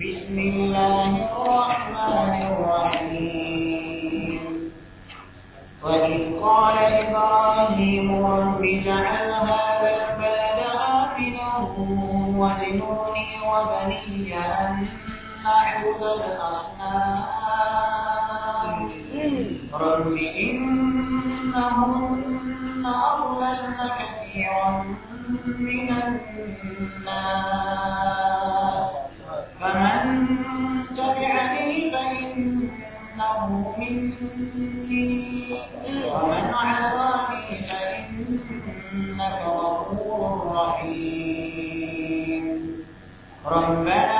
بسم الله الرحمن الرحيم وإذ قال إبراهيم رب اجعل هذا البلد آمنا واجنوني وبني أن نعبد الأصنام رب إنهن أضللن كثيرا من الناس فمن تبعني فإنه مني ومن عصاني فإنك غفور رحيم ربنا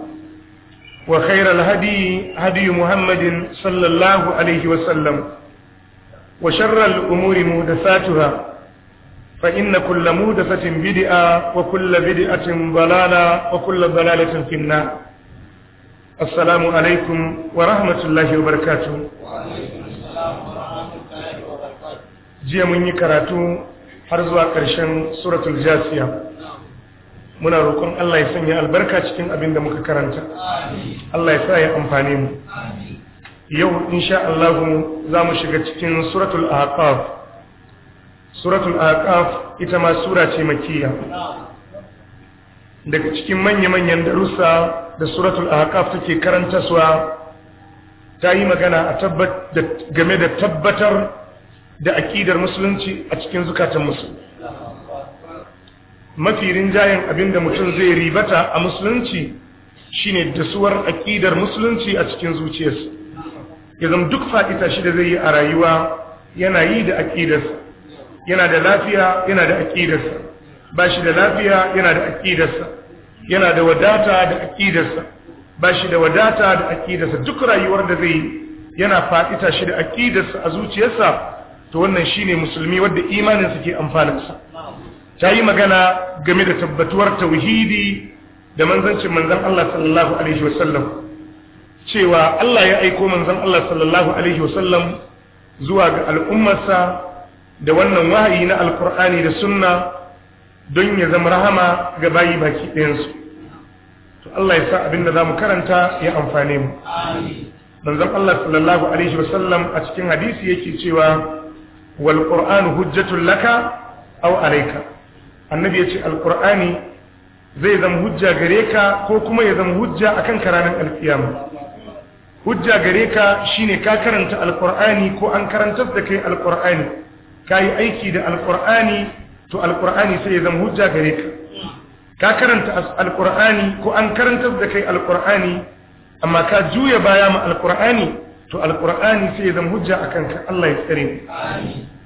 وخير الهدي هدي محمد صلى الله عليه وسلم وشر الأمور مهدفاتها فإن كل مهدفة بدئة وكل بدئة ضلالة وكل ضلالة في النار السلام عليكم ورحمة الله وبركاته وعليكم السلام ورحمة الله وبركاته جي من يكراتو حرزوا كرشن سورة الجاسية muna roƙon Allah ya sanya albarka cikin abin da muka karanta Allah ya sa ya amfane mu yau insha Allah za mu shiga cikin suratul ahqaf suratul ita ma sura ce daga cikin manya-manyan darussa da suratul ahqaf take karanta suwa ta yi magana a tabbat game da tabbatar da aƙidar musulunci a cikin zukatan musulmi mafi rinjayen abinda mutum zai ribata a musulunci shine dasuwar aƙidar musulunci a cikin zuciyarsa ya zama duk fa'ita shi da zai yi a rayuwa yana yi da aƙidarsa yana da lafiya yana da aƙidarsa ba shi da lafiya yana da aƙidarsa yana da wadata da aƙidarsa ba shi da wadata da aƙidarsa duk rayuwar da zai yi yana fa'ita shi da aƙidarsa a zuciyarsa to wannan shine musulmi wadda imaninsa ke amfaninsa ta yi magana game da tabbatuwar tauhidi da manzancin manzan Allah sallallahu alaihi wasallam cewa Allah ya aiko manzan Allah sallallahu alaihi wasallam zuwa ga al'ummarsa da wannan wahayi na alkur'ani da sunna don ya zama rahama ga bayi baki ɗayansu to Allah ya sa abin da za mu karanta ya amfane mu Manzan Allah sallallahu alaihi wasallam a cikin hadisi yake cewa wal qur'anu hujjatul laka aw alayka annabi ya ce alkur'ani zai zama hujja gare ka ko kuma ya zama hujja a ka ranar alkiyama hujja gare ka shine ka karanta alkur'ani ko an karantar da kai alkur'ani ka yi aiki da alkur'ani to alkur'ani sai ya zama hujja gare ka ka karanta alkur'ani ko an karantar da kai alkur'ani amma ka juya baya ma alkur'ani to alkur'ani sai ya zama hujja a kanka Allah ya tsare ni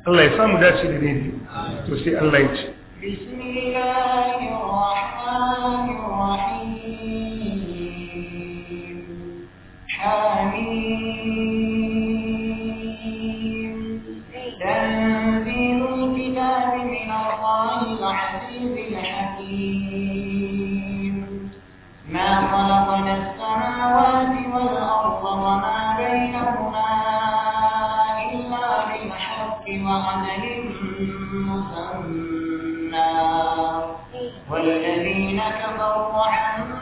Allah ya samu dace da daidai to sai Allah ya ce بسم الله الرحمن الرحيم حميم تنزيل الكتاب من الله العزيز الحكيم ما خلقنا السماوات والأرض وما بينهما إلا بالحق وعدل مسمى والذين كفروا عنا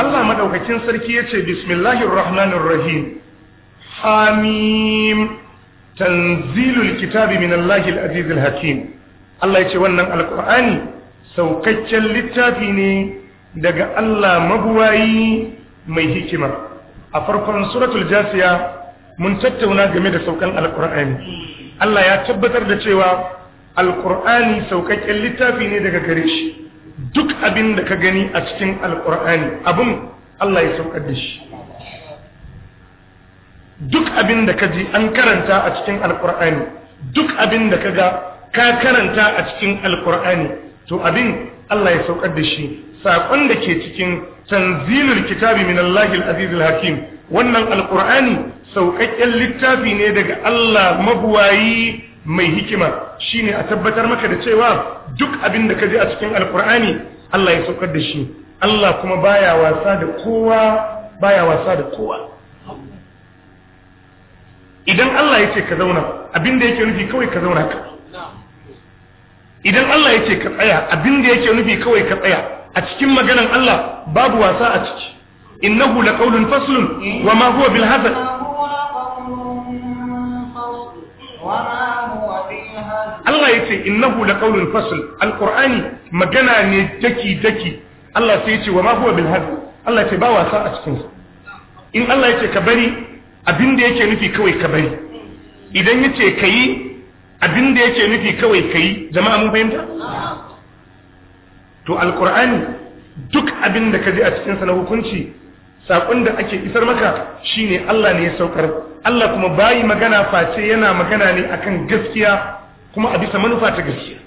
Allah madaukakin sarki ya ce bismillahir rahmanir rahim hamim tanzilul kitabi minallahi al-azizil hakim Allah ya ce wannan alqur'ani saukaccen littafi ne daga Allah mabuwayi mai hikima a farkon suratul jasiya mun tattauna game da saukan alqur'ani Allah ya tabbatar da cewa alƙur'ani saukakken littafi ne daga gare shi duk abin da ka gani a cikin alkur'ani abin Allah ya saukar da shi duk abin da ka ji an karanta a cikin alkur'ani duk abin da ka ga ka karanta a cikin alkur'ani to abin Allah ya saukar da shi saƙon da ke cikin tanzilul kitabi min Allahil azizul hakim wannan alqur'ani sauƙaƙƙen littafi ne daga Allah mabuwayi mai hikima shine a tabbatar maka da cewa duk abin da kaje a cikin alqur'ani Allah ya saukar da shi Allah kuma baya wasa da kowa baya wasa da kowa idan Allah ya ce ka zauna abin da yake nufi kawai ka zauna ka idan Allah ya ce ka tsaya abin da yake nufi kawai ka tsaya a cikin maganan Allah babu wasa a ciki إنه لقول فصل وما هو بالهزل Allah ya ce innahu la qaulun fasl alqur'ani magana ne daki daki Allah ya ce wa ma huwa Allah ya ce ba wasa a cikin in Allah ya ce ka bari abin da yake nufi kawai ka bari idan ya kayi abin yake nufi kawai kayi jama'a mun fahimta to alqur'ani duk abin da ka ji a cikinsa na hukunci Saƙon da ake isar maka shine Allah ne ya saukar Allah kuma bayi magana face yana magana ne akan gaskiya kuma a bisa manufa ta gaskiya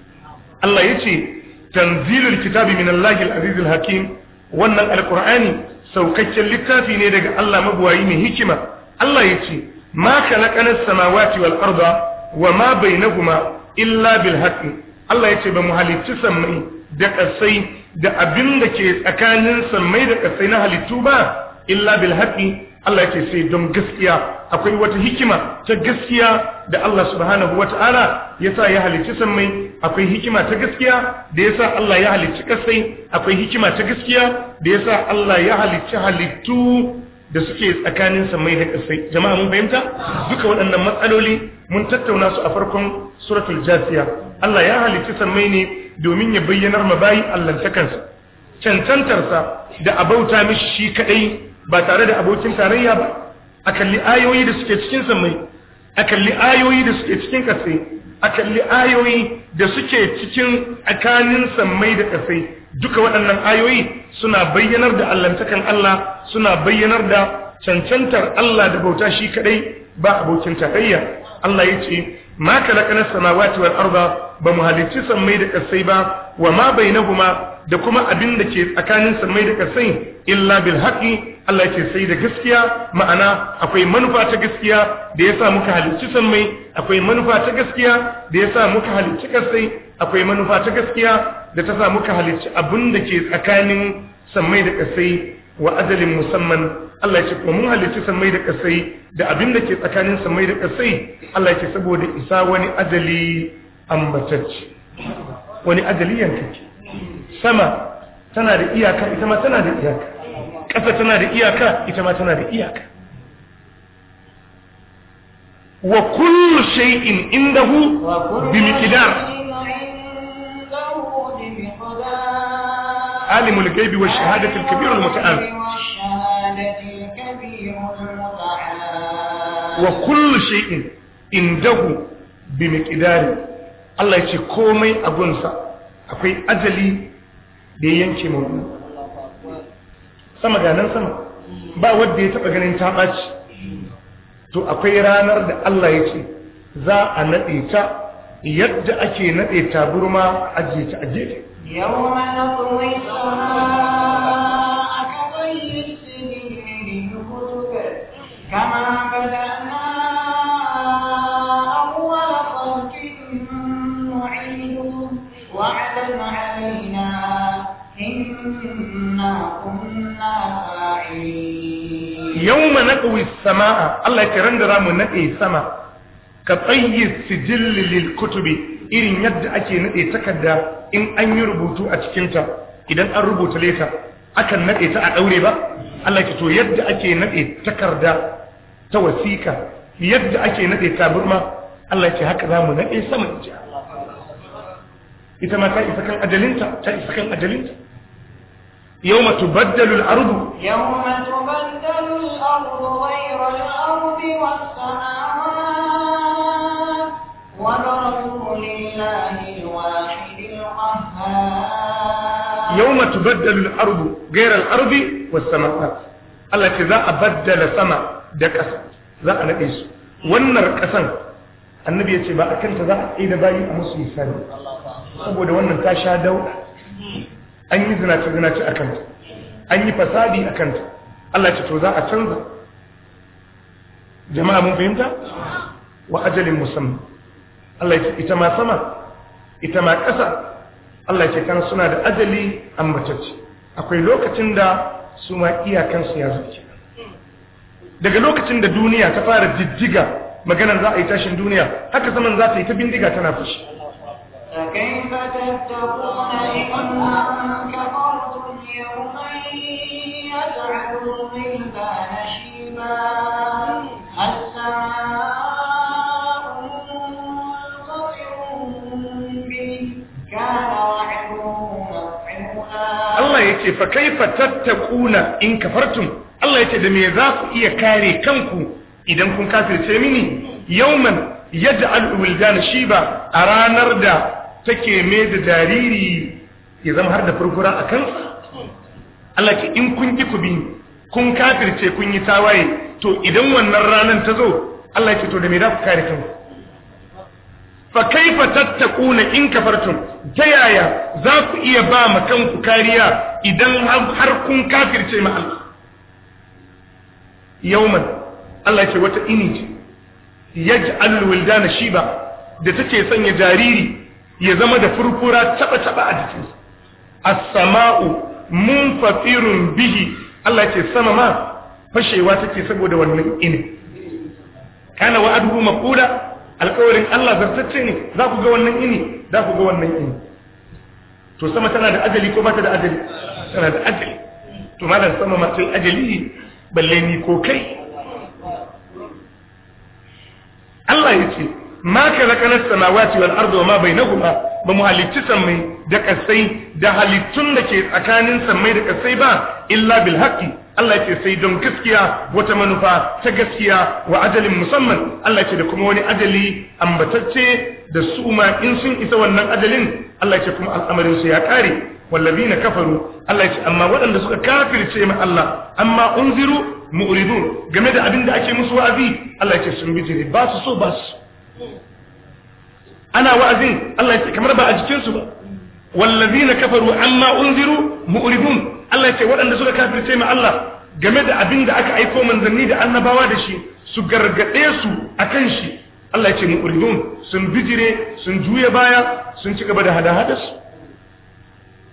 Allah yace tanzilul kitabi min Allahil azizil hakim wannan alqur'ani saukakken littafi ne daga Allah mabuwayi mai hikima Allah yace ma khalaqanas samawati wal arda wa ma bainahuma illa bil haqqi Allah yace ba mu halicci sammai da kasai da abin da ke tsakanin sammai da kasai na halittu ba illa bil haqqi Allah yake sai don gaskiya akwai wata hikima ta gaskiya da Allah subhanahu wata'ala yasa ya halicci sammai akwai hikima ta gaskiya da sa Allah ya halicci kasai akwai hikima ta gaskiya da sa Allah ya halicci halittu da suke tsakanin sammai da kasai jama'a mun fahimta duka waɗannan matsaloli mun tattauna su a farkon suratul jasiya Allah ya halicci sammai ne domin ya bayyanar mabayi Allah ta cancantarsa da abauta mishi shi kadai ba tare da abokin tarayya ba a kalli ayoyi da suke cikin samai a kalli ayoyi da suke cikin ƙasai a kalli ayoyi da suke cikin tsakanin samai da ƙasai duka waɗannan ayoyi suna bayyanar da allantakan Allah suna bayyanar da cancantar Allah da bauta shi kaɗai ba abokin tarayya Allah ya ce ma kalakana samawati wal arda ba mu halicci sammai da kasai ba wa ma bainahuma da kuma abin da ke tsakanin sammai da kasai illa bil haqi Allah ce sai da gaskiya ma'ana akwai manufa ta gaskiya da yasa muka halicci sammai akwai manufa ta gaskiya da yasa muka halicci kasai akwai manufa ta gaskiya da ta sa muka halicci abin da ke tsakanin sammai da kasai wa ajalin musamman Allah ya ce ko mun halicci samai da kasai da abin da ke tsakanin samai da kasai Allah ya ce saboda isa wani ajali ambatacce wani ajali yankake sama tana da iyaka ita ma tana da iyaka ƙasa tana da iyaka ita ma tana da iyaka wa kullu shay'in indahu bi miqdar عالم الغيب والشهادة الكبير المتعال الذي كبير indahu وكل شيء عنده بمقدار الله يشي كومي akwai ajali da yanke موضوع sama ga nan sama ba wanda ya taba ganin ta baci to akwai ranar da Allah ya ce za a nade ta yadda ake nade ta burma ajiye ta a gefe yawma na كما بدأنا أول خلق نعيده وعدا علينا إنا كنا فاعلين يوم نقوي السماء الله يكرم درام نقي السماء ka tsayyi sijilli kutubi irin yadda ake nade takarda in an yi rubutu a ta idan an rubuta leta akan nade ta a daure ba Allah ki to yadda ake nade takarda ta wasika yadda ake nade taburma Allah ya ce haka za nade sama in ji ita ma ta isa kan adalinta ta isa kan adalinta يوم تبدل الأرض يوم تبدل الأرض غير الأرض والسماوات وبرزوا لله الواحد القهار يوم تبدل الأرض غير الأرض والسماوات الله كذا أبدل سما da ƙasa za a naɗe su wannan ƙasan annabi ya ce ba a kanta za a da bayi a musu yi misali saboda wannan ta sha dauɗa an yi zinace-zinace a kanta an yi fasadi a kanta Allah ce to za a canza jama'a mun fahimta wa ajalin musamman Allah ce ita ma sama ita ma ƙasa Allah ce kana suna da ajali ambatacce akwai lokacin da su ma iyakansu ya zuke daga lokacin da duniya ta fara jijjiga maganar za a yi tashin duniya haka saman za ta yi ta bindiga tana fushi فكيف تتقون إن كفرتم يوما يجعل الغلبان شيبا فكيف تتقون إن كفرتم Allah ya ce da me za ku iya kare kanku idan kun kafirce mini yawman yaj'al shi ba a ranar da take mai da jariri ya zama har da furfura a kansa Allah ce in kun ki ku bi kun kafirce kun yi tawaye to idan wannan ranar ta zo Allah ce to da me za ku kare kanku fa kaifa tattaquna in kafartum ta yaya za ku iya ba ma kanku kariya idan har kun kafirce ma Allah yawman Allah ce wata ini ce yaj'al wildana shiba da take sanya jariri ya zama da furfura taba taba a sa as-sama'u munfatirun bihi Allah ce sama ma fashewa take saboda wannan ini kana wa'aduhu maqula alƙawarin Allah zartacce ne za ku ga wannan ini za ku ga wannan ini to sama tana da ajali ko ba ta da ajali tana da ajali to malam sama ma sai ajali balle ni ko kai Allah ya ce ma kalakalar samawati wal ardu wa ma ba mu halicci sammai da kasai da halittun da ke tsakanin sammai da kasai ba illa bil haqqi Allah ya ce sai don gaskiya wata manufa ta gaskiya wa ajalin musamman Allah ya ce da kuma wani ajali ambatacce da su ma in sun isa wannan ajalin Allah ya ce kuma al'amarin su ya ƙare. wallazina kafaru Allah ya ce amma waɗanda suka kafirce ma Allah amma unziru mu'ridun game da abin ake musu wa'azi Allah ya ce sun bijire ba su so ba su ana wa'azin Allah ya ce kamar ba a jikin su ba wallazina kafaru amma unziru mu'ridun Allah ya ce waɗanda suka kafirce ma Allah game da abinda aka aiko manzanni da annabawa da shi su gargade su akan shi Allah ya ce sun bijire sun juya baya sun ci gaba da hada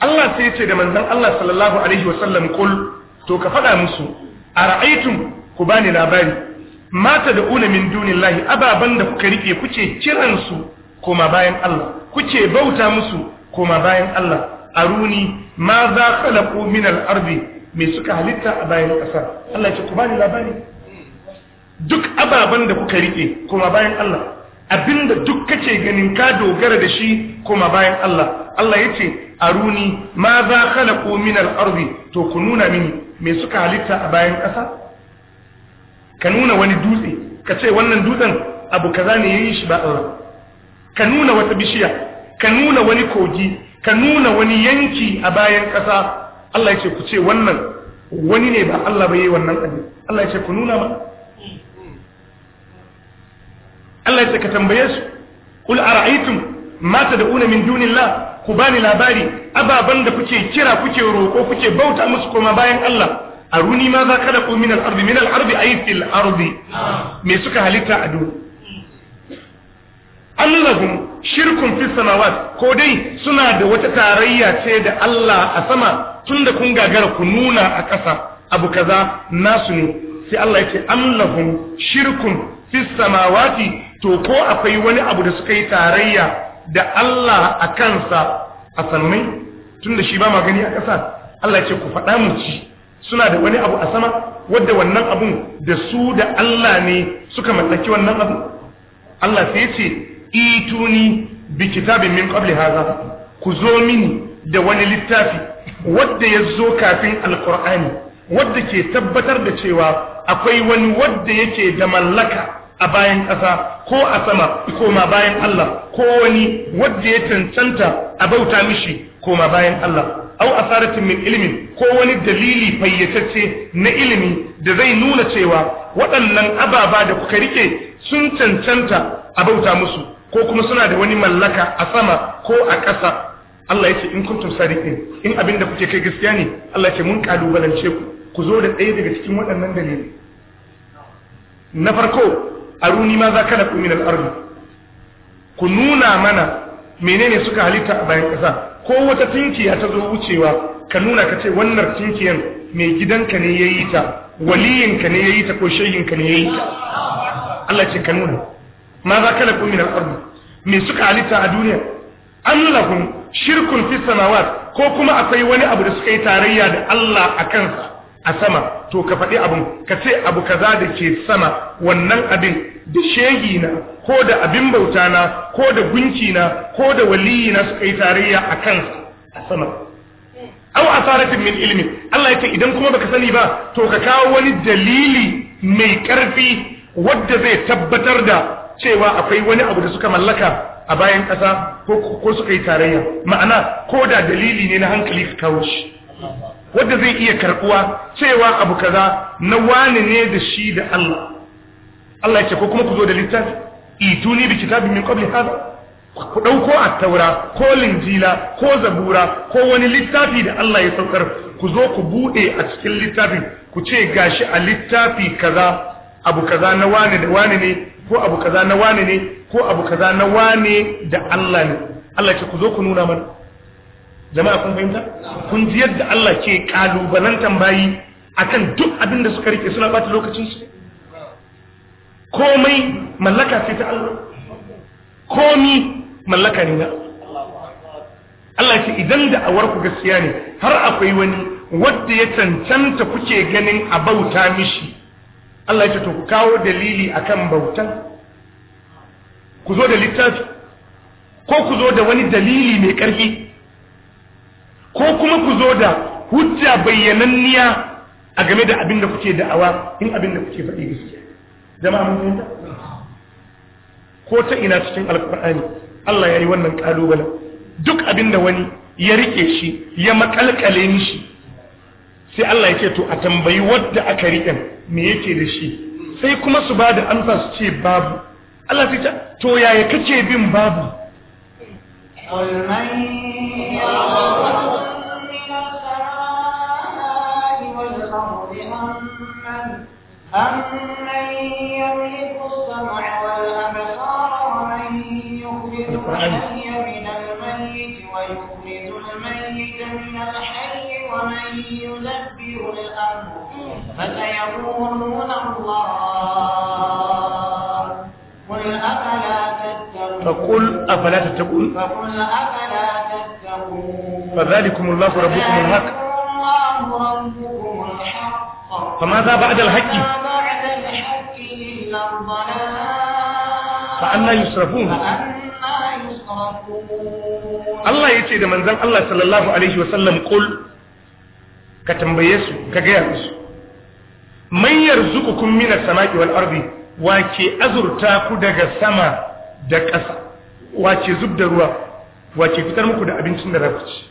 Allah sai ya ce da manzon Allah sallallahu alaihi wasallam kul to ka faɗa musu a ra'aitun ku bani labari mata da una min dunillahi ababan da kuka riƙe kuke kiran su koma bayan Allah kuke bauta musu koma bayan Allah aruni ma za khalaqu min al mai suka halitta a bayan ƙasar. Allah ya ce ku bani labari duk ababan da kuka rike koma bayan Allah abinda duk kace ganin ka dogara da shi kuma bayan Allah Allah yace aruni ma za khalaqu min al-ardi to ku nuna mini me suka halitta a bayan ƙasa ka nuna wani dutse ka ce wannan dutsen abu kaza ne yayin shi ba Allah. ka nuna wata bishiya ka nuna wani kogi ka nuna wani yanki a bayan ƙasa Allah yace ku ce wannan wani ne ba Allah ba yayi wannan abin Allah yace ku nuna mana Allah ya ka tambaye su qul ara'aytum ma tad'una min dunillah ku bani labari ababan da kuke kira kuke roko kuke bauta musu kuma bayan Allah aruni ma za kada ku min al-ardi min al-ardi ay fil ardi me suka halitta a duniya Allahum shirkun fi samawat ko dai suna da wata tarayya ce da Allah a sama tunda kun gagara ku nuna a ƙasa abu kaza nasu ne sai Allah yake am shirkun fi samawati to ko akwai wani abu da suka yi tarayya da Allah a kansa a tun da shi ba magani a ƙasa Allah ce ku faɗa mu ci suna da wani abu a sama wadda wannan abun da su da Allah ne suka mallaki wannan abu Allah sai ce ituni bi kitabin min qabli hadha ku zo mini da wani littafi wadda ya zo kafin alqur'ani wadda ke tabbatar da cewa akwai wani wadda yake da mallaka a bayan ƙasa ko a sama ma bayan Allah ko wani wadda ya cancanta a bauta mishi ko ma bayan Allah au asaratin min ilimin ko wani dalili fayyatacce na ilimi da zai nuna cewa waɗannan ababa da kuka rike sun cancanta a bauta musu ko kuma suna da wani mallaka a sama ko a ƙasa Allah ya ce in kuntum sadiqin in abin da kuke kai gaskiya ne Allah ya ce mun kalubalance ku ku zo da ɗaya daga cikin waɗannan dalili na farko aruni ma za kana min ku nuna mana menene suka halitta a bayan ƙasa ko wata tinkiya ta zo wucewa ka nuna ka ce wannan tinkiyan mai gidanka ne yi ta waliyinka ne yi ta ko shayinka ne yi ta Allah ce ka nuna ma za kana min me suka halitta a duniya Allahun shirkun fi samawat ko kuma akwai wani abu da suka yi tarayya da Allah a kansa a sama to ka faɗi abin ka ce abu kaza da ke sama wannan abin da shehi na ko da abin bauta na ko da gunki na ko da waliyi na suka yi tarayya a kansa a sama aw asaratin min ilmi Allah yake idan kuma baka sani ba to ka kawo wani dalili mai karfi wanda zai tabbatar da cewa akwai wani abu da suka mallaka a bayan ƙasa ko suka yi tarayya ma'ana ko da dalili ne na hankali ka kawo shi wadda zai iya karbuwa cewa abu kaza na wani ne da shi da Allah Allah ya ce ko kuma ku zo da littafi ituni bi kitabin min qabli hada ku ɗauko taura ko linjila ko zabura ko wani littafi da Allah ya saukar ku zo ku buɗe a cikin littafin ku ce gashi a littafi kaza abu kaza na wane da wani ne ko abu kaza na wane ne ko abu kaza na wane da Allah ne Allah ce ku zo ku nuna mana jama'a kun fahimta kun ji yadda Allah ke kalubalantan bayi akan duk abin da suka rike suna bata lokacin su komai mallaka ce ta Allah komi mallaka ne na Allah ce idan da awar ku gaskiya ne har akwai wani wanda ya cancanta kuke ganin a bauta mishi Allah ya ce to ku kawo dalili akan bautan ku zo da littafi ko ku zo da wani dalili mai ƙarfi ko kuma ku zo da hujja bayyananniya a game da abin da kuke da'awa in abin da kuke faɗi gaskiya jama'a mun fahimta ko ta ina cikin alkur'ani Allah ya yi wannan kalubalen duk abin da wani ya rike shi ya makalkale shi, sai Allah ya ce to a tambayi wadda aka riƙen me yake da shi sai kuma su ba da amsa su ce babu Allah ya ce to yaya kake bin babu قل من يرزقكم من السماء والأرض أمن أمن يملك السمع والأبصار ومن يخرج الحي من الميت ويخرج الميت من الحي ومن يدبر الأمر فسيقولون الله فقل أفلا تتقون فقل أفلا تتقون فذلكم الله ربكم الحق فماذا بعد الحق إلا فأنا يصرفون يصرفون الله يتي ده منزل الله صلى الله عليه وسلم قل كتنبيه سو كغير من يرزقكم من السماء والأرض وكي azurta ku السماء da ƙasa wace zub da ruwa wace fitar muku da abincin da ku ci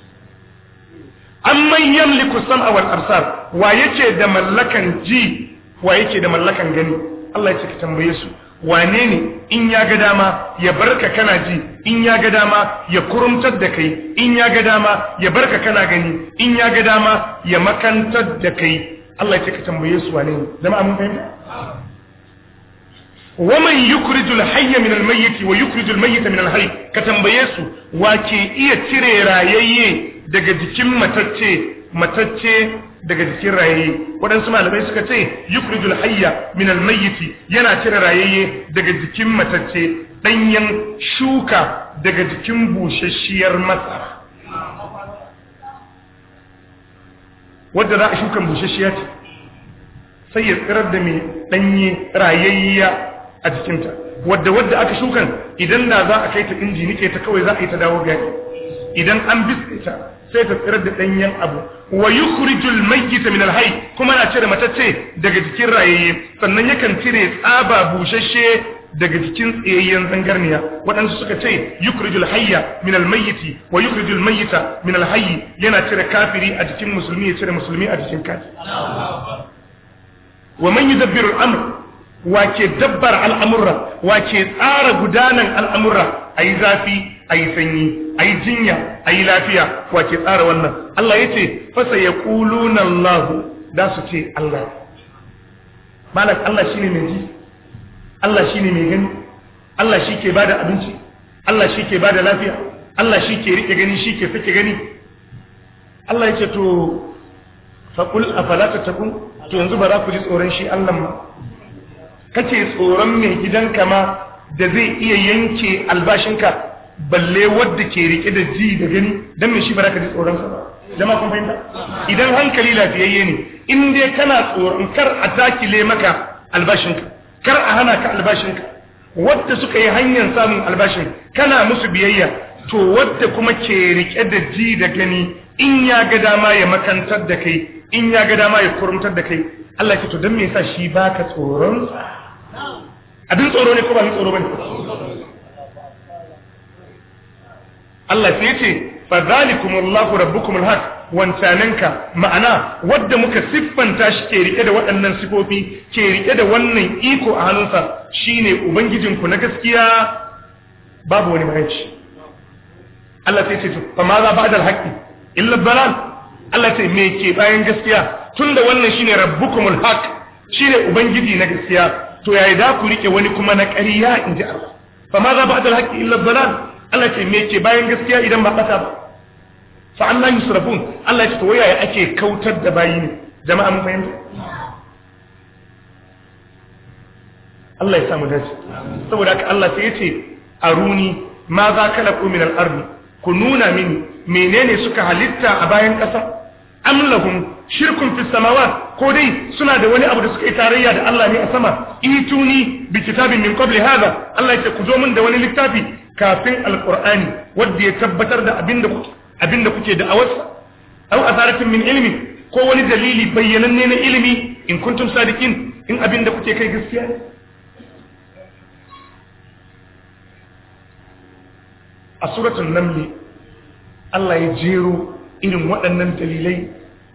manyan yamliku sam'a wal absar wa yake da mallakan ji wa yake da mallakan gani Allah ya ce ka tambaye su wane ne in ya ga dama ya barka kana ji in ya ga dama ya kurumtar da kai in ya ga dama ya barka kana gani in ya ga dama ya makantar da kai Allah ya ce ka tambaye su wane ne zama mun fahimta waman yukrijul hayya min almayyit wa yukrijul mayyita min alhayy ka tambaye su wa ke iya cire rayayye daga jikin matacce matacce daga jikin rayayye waɗansu malamai suka ce yukrijul hayya min almayyit yana cire rayayye daga jikin matacce danyen shuka daga jikin bushashiyar masara wadda za a shukan bushashiya ce sai ya tsirar da mai ɗanye rayayya a jikinta wadda wadda aka shukan idan da za a kai ta inji nike ta kawai za a yi ta dawo gari idan an biske ta sai ta tsirar da ɗanyen abu wa yukhrijul mayyita min alhayy kuma na cire matacce daga jikin rayayye sannan yakan cire tsaba bushashe daga jikin tsayayyen zangarniya waɗansu suka ce yukhrijul hayya min almayyiti wa yukhrijul mayyita min alhayy yana cire kafiri a jikin musulmi ya cire musulmi a jikin kafiri wa man yudabbiru al-amr wace dabbar al'amurra wace tsara gudanan al'amurra a yi zafi a yi sanyi a yi jinya a yi lafiya wace tsara wannan Allah ya ce fasa ya ƙulunan lahu da su ce Allah malak Allah shi ne mai ji Allah shi ne mai gani Allah shi ke ba da abinci Allah shi ke ba da lafiya Allah shi ke riƙe gani shi ke sake gani Allah ya ce to faƙul a falata takun to yanzu ba za ku ji tsoron shi Allah ma kake tsoron mai gidanka ma da zai iya yanke albashinka balle wadda ke rike da ji da gani dan me shi ba ka ji tsoron sa ba jama kun fahimta idan hankali lafiyayye ne in dai kana tsoron kar a takile maka albashinka kar a hana ka albashinka wadda suka yi hanyar samun albashin kana musu biyayya to wadda kuma ke rike da ji da gani in ya ga dama ya makantar da kai in ya ga dama ya kurumtar da kai Allah ke to don me yasa shi baka tsoron abin tsoro ne ko ba shi tsoro ne. Allah sai ce fa zalikumullahu rabbukumul haq wancaninka, ma'ana wadda muka siffanta shi ke rike da waɗannan sifofi ke rike da wannan iko a hannunsa shine ubangijinku na gaskiya babu wani mahaici Allah sai ce fa ma za ba'da al-haqqi illa dhalal Allah sai me ke bayan gaskiya tunda wannan shine rabbukumul haqq shine ubangiji na gaskiya to yayi da ku rike wani kuma na ƙarya in ji Allah fa ma za ba'da al-haqqi illa dhalal Allah ce me ke bayan gaskiya idan ba kasa ba fa anna yusrafun Allah ce to wayaye ake kautar da bayi ne jama'a mun fahimta Allah ya samu dace saboda haka Allah sai yace aruni ma za kalaku min al-ardi ku nuna mini menene suka halitta a bayan kasa am lahum shirkun fi samawat ko dai suna da wani abu da suka yi tarayya da Allah ne a sama ituni bi kitabin min qabli hadha Allah yake ku zo mun da wani littafi kafin alqur'ani wanda ya tabbatar da abinda kuke abinda kuke da awas aw asaratin min ilmi ko wani dalili bayyananne na ilimi in kuntum sadiqin in da kuke kai gaskiya ne a suratul naml Allah ya jero irin waɗannan dalilai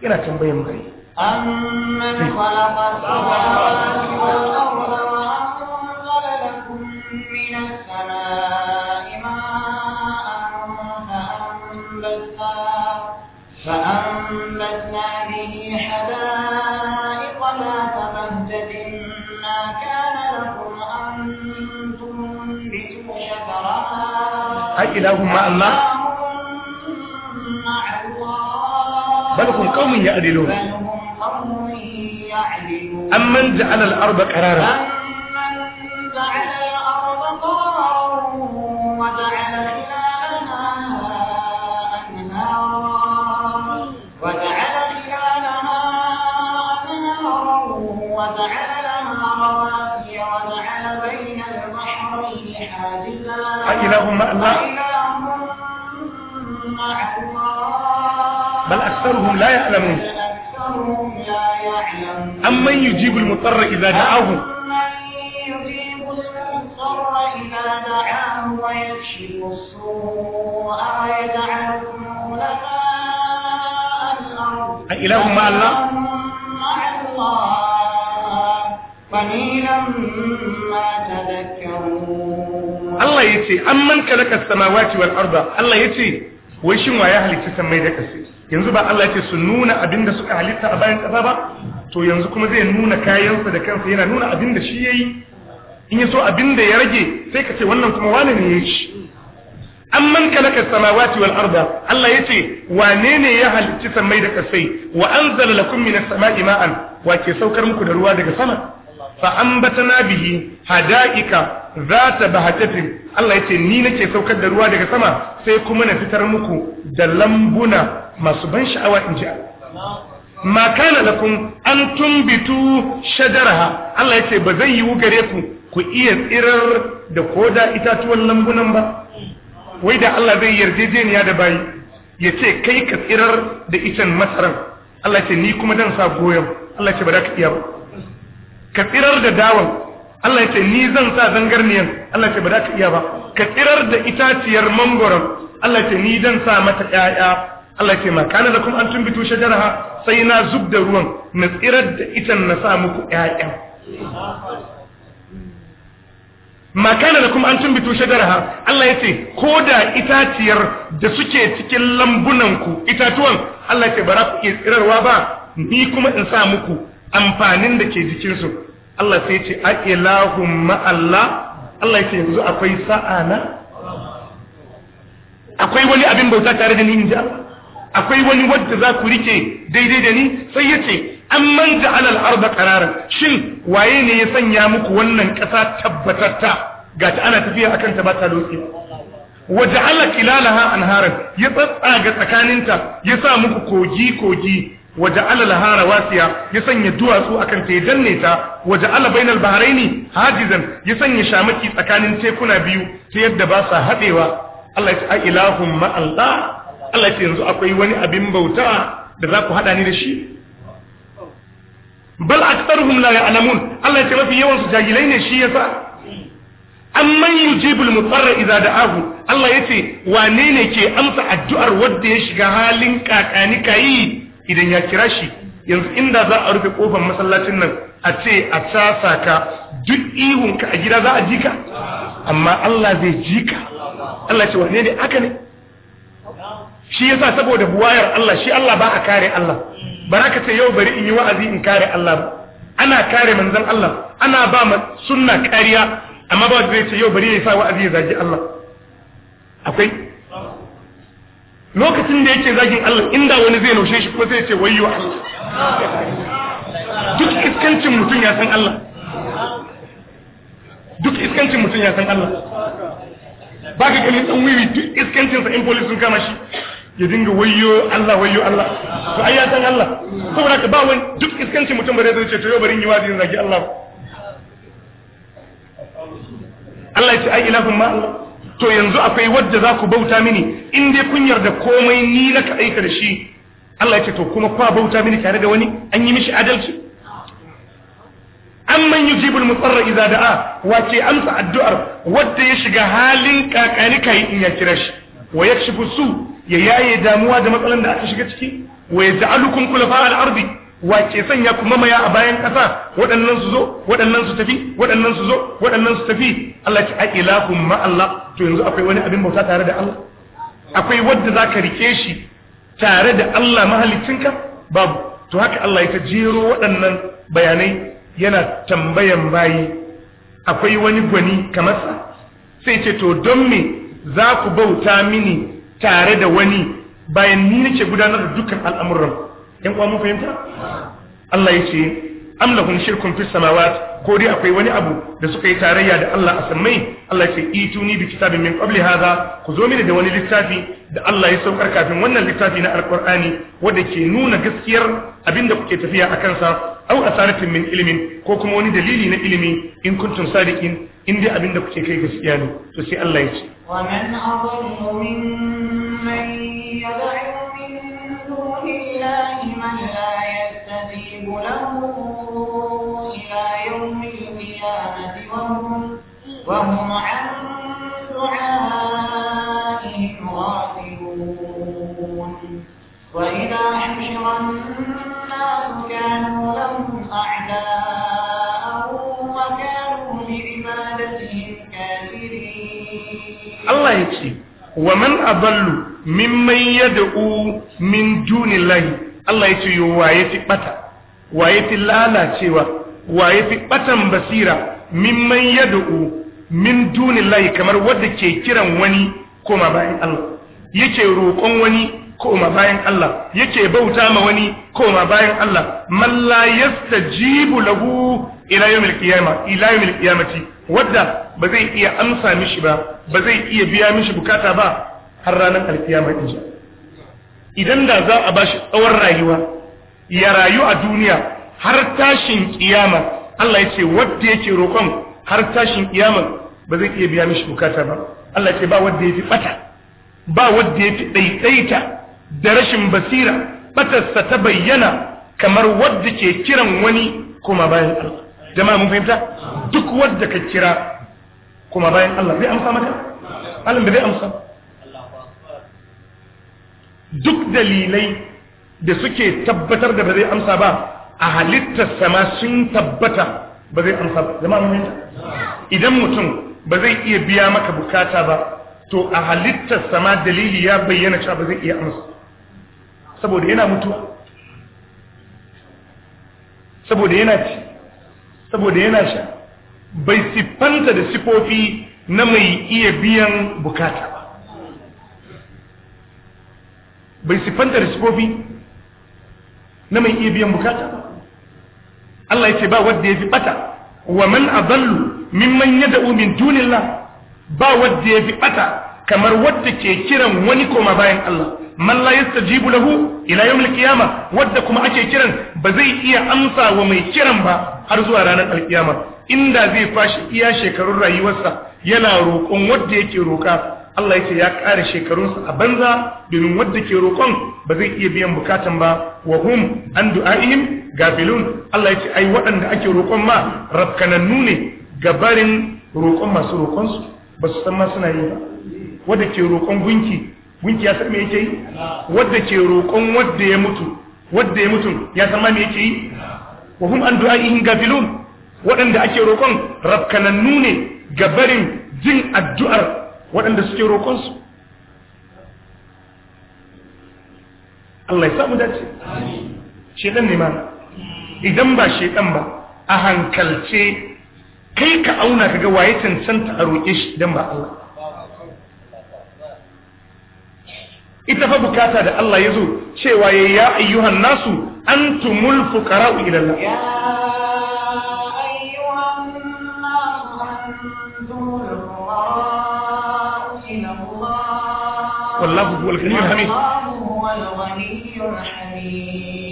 yana tambayan mai amman khalaqa samawati wal arda wa anzala lakum minas samai ma'an fa'anbatna فأنبتنا به حدائق ذات بهجة ما كان لكم أن تنبتوا شجرها أإله مع الله بل هم قوم يعدلون أمن جعل الأرض قرارا أمن جعل الأرض قرارا وجعل خلالها أنهارا وجعل خلالها أنهارا وجعل لها رواسي وجعل بين البحرين حاجزا أإله مع الله أكثرهم لا يعلمون أمن يجيب المضطر إذا دعاه يجيب المضطر إذا دعاه ويكشف السوء ويجعلكم خلفاء الأرض أإله مع الله؟ مع الله قليلا ما تذكرون الله يتي أمن كلك السماوات والأرض الله يتي ويشم ويهلك تسمي ذكر yanzu ba Allah ce su nuna abin da suka halitta a bayan ƙasa ba to yanzu kuma zai nuna kayansa da kansa yana nuna abin da shi ya yi in ya so abin da ya rage sai ka ce wannan kuma wane ne ya ci an man kalaka samawati wal arda Allah ya ce wane ne ya halicci sammai da kasai wa anzala lakum minas sama'i ma'an wa ke saukar muku da ruwa daga sama fa ambatana bihi hada'ika zata bahajatin Allah ya ce ni nake saukar da ruwa daga sama sai kuma na fitar muku da lambuna masu ban sha'awa in ji ma kana kun. an tumbitu shajaraha Allah ya ce ba zai yiwu gare ku ku iya tsirar da koda itatuwan lambunan ba wai da Allah zai yarjejeniya da bayi Ya ce kai ka tsirar da itan masaran Allah ya ce ni kuma dan sa goyon Allah ya ce ba za ka iya ba ka tsirar da dawan Allah ya ce ni zan sa zangarniyan Allah ya ce ba za ka iya ba ka tsirar da itaciyar mangoron Allah ya ce ni dan sa mata ƴaƴa Allah ce ma kana lakum an tumbitu shajaraha sai na zub da ruwan na tsirar da itan na sa muku ƴaƴan ma kana lakum an tumbitu shajaraha Allah yace ko da itaciyar da suke cikin lambunan ku itatuwan Allah yace bara ku tsirarwa ba ni kuma in sa muku amfanin da ke jikin su Allah sai yace a ilahum ma Allah Allah yace yanzu akwai sa'ana akwai wani abin bauta tare da ni inji Allah akwai wani wadda za ku rike daidai da ni sai ya ce an manja alal arba kararan shin waye ne ya sanya muku wannan ƙasa tabbatatta ga ta ana tafiya akan ta ba ta doki waje ala kilalaha anharan ya tsatsaga tsakaninta ya sa muku kogi kogi waje ala lahara wasiya ya sanya duwatsu akan ta ya danne ta waje ala bainal bahraini hajizan ya sanya shamaki tsakanin tekuna biyu ta yadda ba sa haɗewa Allah ya ce a ilahun ma'allah Allah ce yanzu akwai wani abin bauta da za ku haɗa ni da shi bal aktharuhum la ya'lamun Allah ce mafi yawan su ne shi yasa jibil yujibul iza idza da'ahu Allah ya ce wane ne ke amsa addu'ar wanda ya shiga halin kakani kai idan ya kira shi yanzu inda za a rufe kofar masallacin nan a ce a tasa ka duk ihunka a gida za a jika amma Allah zai jika Allah ce wane ne aka ne shi yasa saboda buwayar Allah shi Allah ba a kare Allah baraka ce yau bari in yi wa'azi in kare Allah ba ana kare manzon Allah ana ba ma sunna kariya amma ba zai ce yau bari ya sa wa'azi ya zagi Allah akwai lokacin da yake zagin Allah inda wani zai naushe shi ko zai ce wayyo Allah duk iskancin mutum ya san Allah duk iskancin mutum ya san Allah ba ka ganin dan wiwi duk iskancin sa in police sun kama shi ya dinga wayo Allah wayo Allah to ai ya san Allah saboda ka ba wani duk iskanci mutum bare zai ce to yau bari yi wadi zagi Allah Allah ya ce ai ilahun ma Allah to yanzu akwai wadda za ku bauta mini in dai kun yarda komai ni na ka aika da shi Allah ya ce to kuma kwa bauta mini tare da wani an yi mishi adalci amman yujibul mutsarra idza da'a wace amsa addu'ar wadda ya shiga halin kakani kai in ya kira shi wa yakshifu su ya yaye damuwa da matsalan da aka shiga ciki wa ja'alukum kulafa al-ardi wa ke sanya ku mamaya a bayan kasa waɗannan su zo waɗannan su tafi waɗannan su zo waɗannan su tafi Allah ya ce a ma Allah to yanzu akwai wani abin bauta tare da Allah akwai wanda zaka rike shi tare da Allah mahalicinka babu to haka Allah ya ta jero waɗannan bayanai yana tambayan bayi akwai wani gwani kamar sa sai ce to don me za ku bauta mini tare da wani bayan ni nake gudanar da dukkan al'amuran yan uwa mun fahimta Allah ya ce am lahum shirkun fis samawat ko dai akwai wani abu da suka yi tarayya da Allah a sammai Allah ya ce ituni bi kitabin min qabli hadha ku zo mini da wani littafi da Allah ya saukar kafin wannan littafi na alqur'ani wanda ke nuna gaskiyar abinda kuke tafiya akan sa aw asaratin min ilmin ko kuma wani dalili na ilimi in kuntum sadiqin in dai abin da kuke kai gaskiya ne to sai Allah ya ce ومن أضل ممن يدعو من دون الله من لا يستجيب له إلى يوم القيامة وهم وهم عن دعائهم غافلون وإذا حشر الناس كانوا لهم أعداء Allah ya ce wa man aballu mimman yad'u min dunillahi Allah ya ce yo waye fi bata waye fi lalacewa waye fi batan basira mimman yad'u min dunillahi kamar wanda ke kiran wani koma bayan Allah yake roƙon wani koma bayan Allah yake bauta ma wani Ko koma bayan Allah man la yastajibu lahu ila yawmil qiyama ila yawmil qiyamati wadda ba zai iya amsa mishi ba ba zai iya biya mishi bukata ba har ranar alkiyama inja idan da za a bashi tsawon rayuwa ya rayu a duniya har tashin kiyama Allah ya ce wadda yake roƙon har tashin kiyama ba zai iya biya mishi bukata ba Allah ya ce ba wadda yafi bata ba wadda yafi daidaita da rashin basira batarsa ta bayyana kamar wadda ke kiran wani kuma bayan Allah jama'a mun fahimta duk wadda ka kira kuma bayan Allah zai amsa maka Allah da zai amsa duk dalilai da suke tabbatar da ba zai amsa ba a halittar sama sun tabbata ba zai amsa ba jama'a mun fahimta idan mutum ba zai iya biya maka bukata ba to a halittar sama dalili ya bayyana cewa ba zai iya amsa saboda yana mutuwa saboda yana ci saboda yana sha bai siffanta da sifofi na mai iya biyan bukata ba bai siffanta da sifofi na mai iya biyan bukata ba Allah ya ce ba wadda ya fi bata wa man adallu mimman yad'u min dunillah ba wadda ya fi bata kamar wadda ke kiran wani koma bayan Allah man la yastajibu lahu ila yawmil qiyamah wadda kuma ake kiran ba zai iya amsa wa mai kiran ba har zuwa ranar alkiyama inda zai fashi iya shekarun rayuwarsa yana roƙon wadda yake roƙa Allah yake ya ƙara shekarunsa a banza domin wadda ke roƙon ba zai iya biyan bukatan ba wa hum an du'a'ihim gafilun Allah yake ai waɗanda ake roƙon ma rafkanannu ne gabarin roƙon masu roƙonsu ba su san ma suna yi ba wadda ke roƙon gunki gunki ya san me yake yi wadda ke roƙon wadda ya mutu wadda ya mutu ya san ma me yake yi wa hum an du'a'ihim gafilun waɗanda ake roƙon rabkanannu ne ga barin jin addu'ar waɗanda suke roƙon su Allah ya sa mu dace shedan ne ma idan ba shedan ba a hankalce kai ka auna kaga waye cancanta a roƙe shi idan ba Allah ita fa bukata da Allah ya zo cewa ya ya ayyuhan nasu antumul fuqara'u ila Allah ya Allah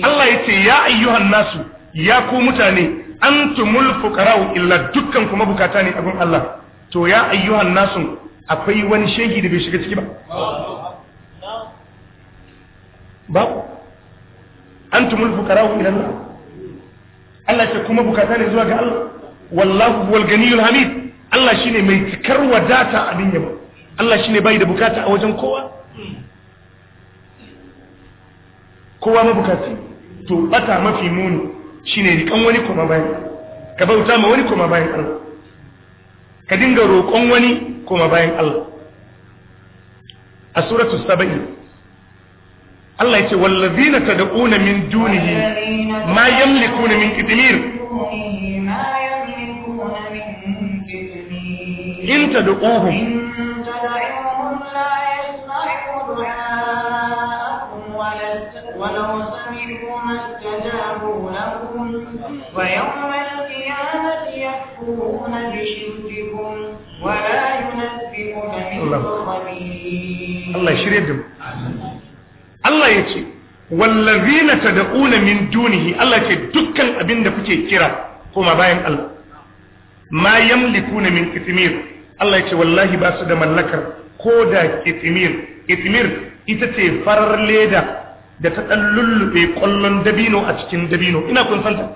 Allah ya ce ya ayyuhan nasu ya ku mutane an tumul fuqara'u illa dukkan kuma bukata ne abin Allah to ya ayyuhan nasu akwai wani shegi da bai shiga ciki ba babu antumul fuqara'u ila Allah Allah ce kuma bukata ne zuwa ga Allah wallahu huwal ganiyul hamid Allah shine mai cikar wadata abin yabo Allah shine bai da bukata a wajen kowa kowa ma mabukaci to bata mafi muni shine rikan wani kuma bayan ka bauta ma wani kuma bayan Allah ka dinga roƙon wani kuma bayan Allah a suratul saba'i Allah ya ce wallazina tad'una min dunihi ma yamlikuna min qitmir in tad'uhum ولو سمعوا ما استجابوا لكم ويوم القيامة يكفرون بشرككم ولا ينبئك من خبير الله يشريدهم Allah ya ce na wallazina tad'una min dunihi Allah ce dukkan abin da kuke kira kuma bayan Allah ma kuna min kitmir Allah ya ce wallahi ba su da mallakar ko da kitmir kitmir ita ce farar leda da ta ɗan lullube ƙwallon dabino a cikin dabino ina kun santa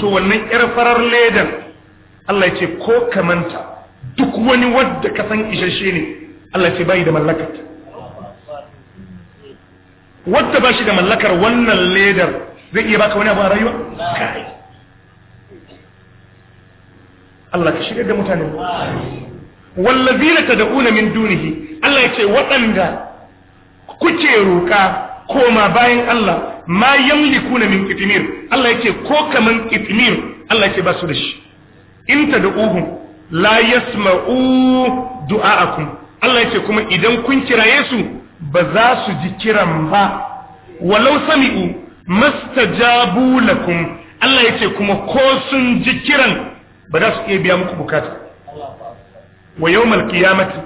to wannan ƴar farar ledar Allah ya ce ko kamanta duk wani wadda ka san isasshe ne Allah ya ce bai da mallakar wadda ba shi da mallakar wannan ledar zai iya baka wani abu a rayuwa Allah ka shigar da mutane wallazina tad'una min dunihi Allah ya ce waɗanda kuke roƙa koma bayan Allah ma yamlikuna min qitmir Allah ce ko kaman qitmir Allah ce ba su da shi in tad'uhum la yasma'u du'aakum Allah ce kuma idan kun kiraye su ba za su ji kiran ba walau sami'u mastajabu lakum Allah yace kuma ko sun ji kiran ba za su iya biya muku bukata wa yawmal qiyamati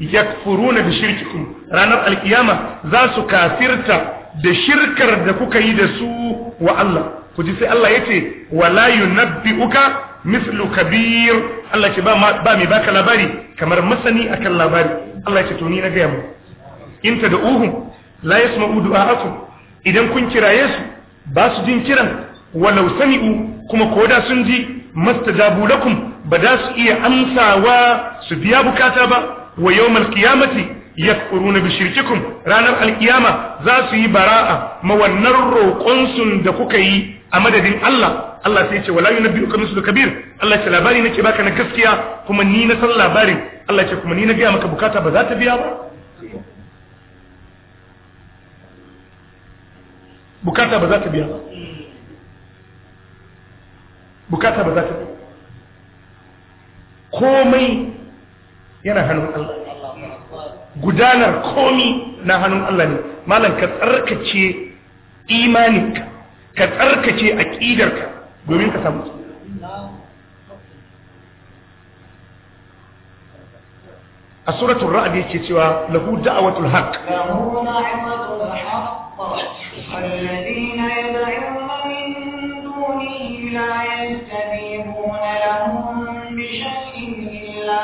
yakfuruna bi shirkikum ranar alkiyama za su kafirta da shirkar da kuka yi da su wa Allah ku ji sai Allah yace wala yunabbi'uka mislu kabir Allah ce ba mai baka labari kamar masani akan labari Allah ce to ni na ga mu in tad'uhum la a asu idan kun kiraye su ba su jin kiran walau sani'u kuma koda sun ji mastajabu lakum ba da su iya amsawa su biya bukata ba wa yawmal qiyamati yakfuruna bi shirkikum ranar alkiyama za su yi bara'a ma wannan da kuka yi a madadin Allah Allah sai ce wala kaminsu mislu kabir Allah ce labari nake baka na gaskiya kuma ni na san labarin Allah ce kuma ni na ga maka bukata ba za ta biya ba bukata ba za ta biya ba bukata ba za ta biya komai yana hannun Allah gudanar komi na hannun Allah ne malam ka tsarkace imaninka ka tsarkace aqidarka domin ka samu سورة الرعد ra'd له دعوة الحق da'watul haqq lahu da'watul يدعون من دونه لا يستجيبون لهم بشيء إلا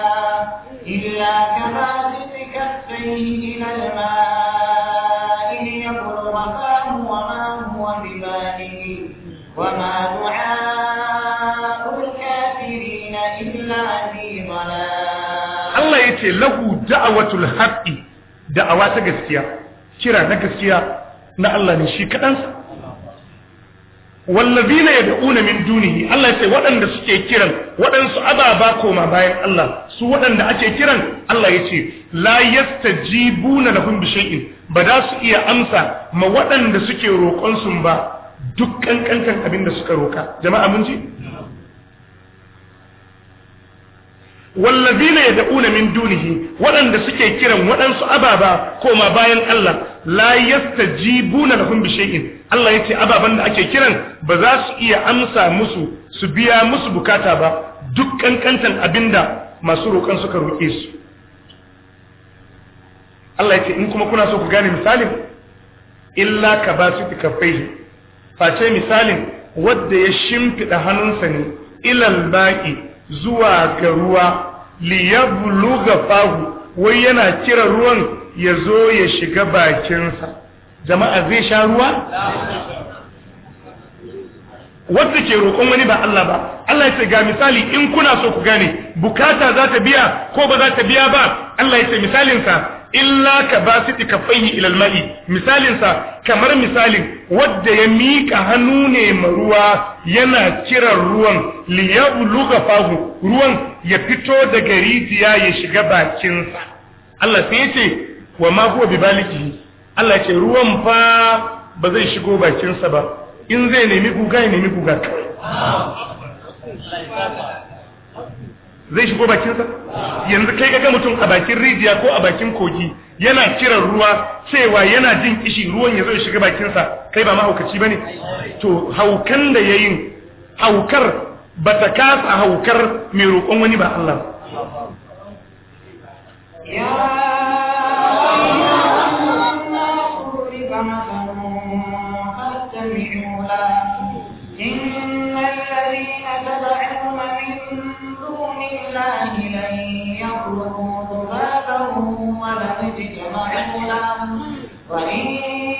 إلا كباسط كفيه إلى الماء ce lahu da'awatul haqqi da'awa ta gaskiya kira na gaskiya na Allah ne shi kadansa wallazina yad'una min dunihi Allah ya ce waɗanda suke kiran waɗansu ababa koma bayan Allah su waɗanda ake kiran Allah ya ce la yastajibuna lahum bi shay'in ba da su iya amsa ma waɗanda suke roƙon sun ba duk kankan abinda suka roka jama'a mun ji wallazina yad'una min dunihi waɗanda suke kiran waɗansu ababa koma bayan Allah la yastajibuna lahum bi shay'in Allah yace ababan da ake kiran ba za su iya amsa musu su biya musu bukata ba duk kankantan abinda masu roƙon suka roƙe su Allah yace in kuma kuna so ku gane misalin illa ka basu kaffaihi face misalin wanda ya shimfida hannunsa ne ilal baƙi. zuwa ga ruwa liyabluga fahu wai yana cire ruwan ya zo ya shiga bakinsa jama'a zai sha ruwa wadda ke roƙon wani ba Allah ba Allah ya ce ga misali in kuna so ku gane bukata za ta biya ko ba za ta biya ba Allah ya ce misalinsa illa ka basiti su ila alma'i misalin sa kamar misalin wadda ya mika hannu ne ma ruwa yana kiran ruwan li yabluga fahu ruwan ya fito daga rijiya ya shiga bakin sa Allah sai ya ce wa ma huwa bibaliki Allah ce ruwan fa ba zai shigo bakinsa ba in zai nemi guga ya nemi guga kawai zai shigo bakinsa yanzu kai ga mutum a bakin rijiya ko a bakin kogi yana kiran ruwa cewa yana jin kishi ruwan ya zo ya shiga bakinsa kai ba mahaukaci bane to haukan da yayin haukar ba ta kasa haukar mai roƙon wani ba Allah ya الله لن يخلقوا ذبابا ولو اجتمعوا له وإن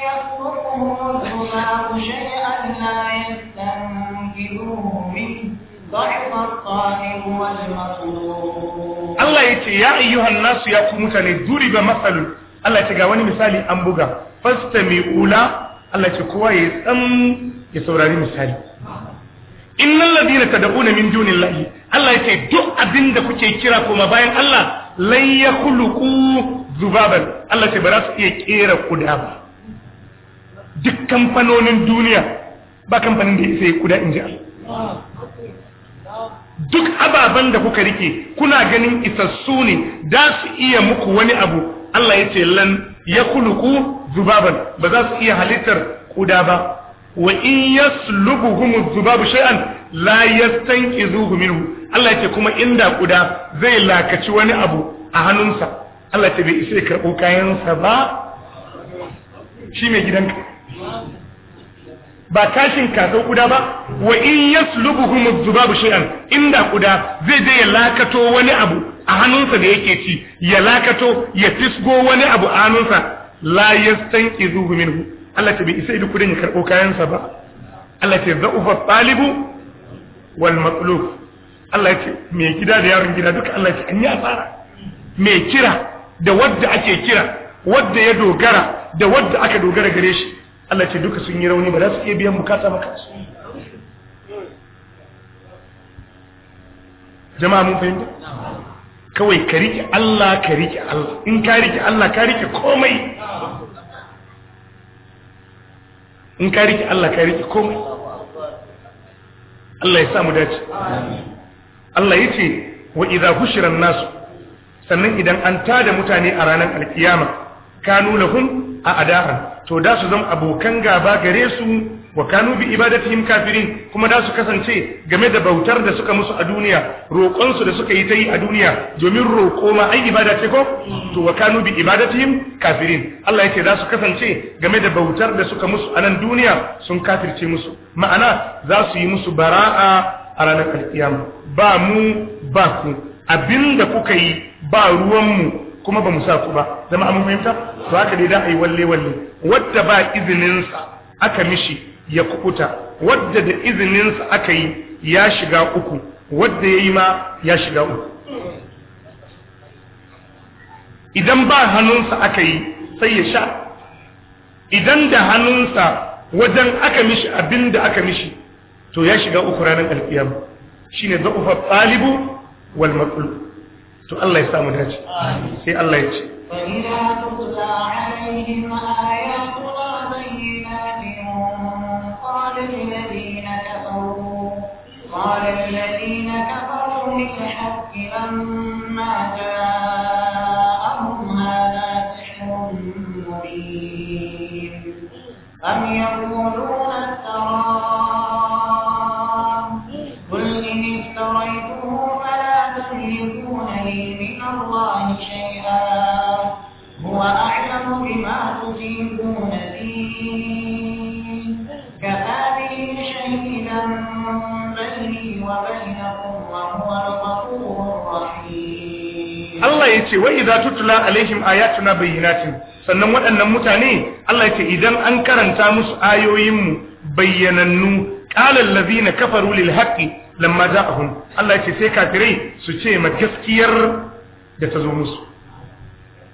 يخلقهم الذباب شيئا لا يستنقذوه منه ضعف الطالب والمطلوب الله يتي يا أيها الناس يا كمتني ضرب مثل Allah ya ce ga wani misali an buga fastami'ula Allah ya ce kowa ya tsam ya saurari misali innal ladina tad'una min dunillahi Allah yake duk abinda kuke kira kuma bayan Allah lan yakhluqu zubaban Allah ce ba za su iya kera kuda ba duk kamfanonin duniya ba kamfanin da ya kuda inji Allah duk ababan da kuka rike kuna ganin isassu ne da su iya muku wani abu Allah ya ce lan yakhluqu zubaban ba za su iya halittar kuda ba wa in yaslubuhum adh-dhubabu shay'an la yastanqizuhu minhu Allah ya kuma inda kuda zai lakaci wani abu a hannunsa Allah ta bai isa karbo kayansa ba shi mai gidanka ba ka kasau kuda ba wa in yaslubuhum adh-dhubabu shay'an inda kuda zai je ya lakato wani abu a hannunsa da yake ci ya lakato ya fisgo wani abu a hannunsa la yastanqizuhu minhu Allah ta bai isa idu kudin ya karɓo kayansa ba Allah ta za'ufa talibu wal matsalo, Allah ya ce mai gida da yaron gida duka Allah ya ce an yi asara mai kira da wadda ake kira wadda ya dogara da wadda aka dogara gare shi Allah ce duka sun yi rauni ba za su iya biyan bukata ba kansu jama'a mun fahimta kawai ka rike Allah ka rike Allah in ka rike Allah ka rike komai in ka riki Allah ka riki komai Allah ya samu dace Allah ya ce wa idza hushira nasu sannan idan an tada mutane a ranar alkiyama kanu lahum a adahan to da su zama abokan gaba gare su wa kanu bi ibadatihim kafirin kuma da su kasance game da bautar da suka musu a duniya roƙon su da suka yi ta yi a duniya domin roƙo ma ai ibada ce ko to wa kanu bi ibadatihim kafirin Allah yake za su kasance game da bautar da suka musu a nan duniya sun kafirce musu ma'ana za su yi musu bara'a a ranar alkiyama ba mu ba ku abinda kuka yi ba ruwan mu kuma ba mu sa ku ba zama an fahimta to haka dai da ai walle walle wadda ba izinin sa aka mishi ya kukuta wadda da izininsa aka yi ya shiga uku wadda ya yi ma ya shiga uku idan ba hannunsa aka yi sai ya sha idan da hannunsa wajen aka mishi abin da aka mishi to ya shiga uku ranar alkiyama shi ne za'ufa ɗalibu wal matsulu to Allah ya samu dace sai Allah ya ce الذين كفروا قال الذين كفروا للحق لما جاءهم هذا سحر مبين أم يقولون yace wa idza tutla alaihim ayatuna bayyinatin sannan waɗannan mutane Allah yace idan an karanta musu ayoyin mu bayyanannu qala allazina kafaru lil haqqi lamma ja'ahum Allah yace sai kafirai su ce ma gaskiyar da ta zo musu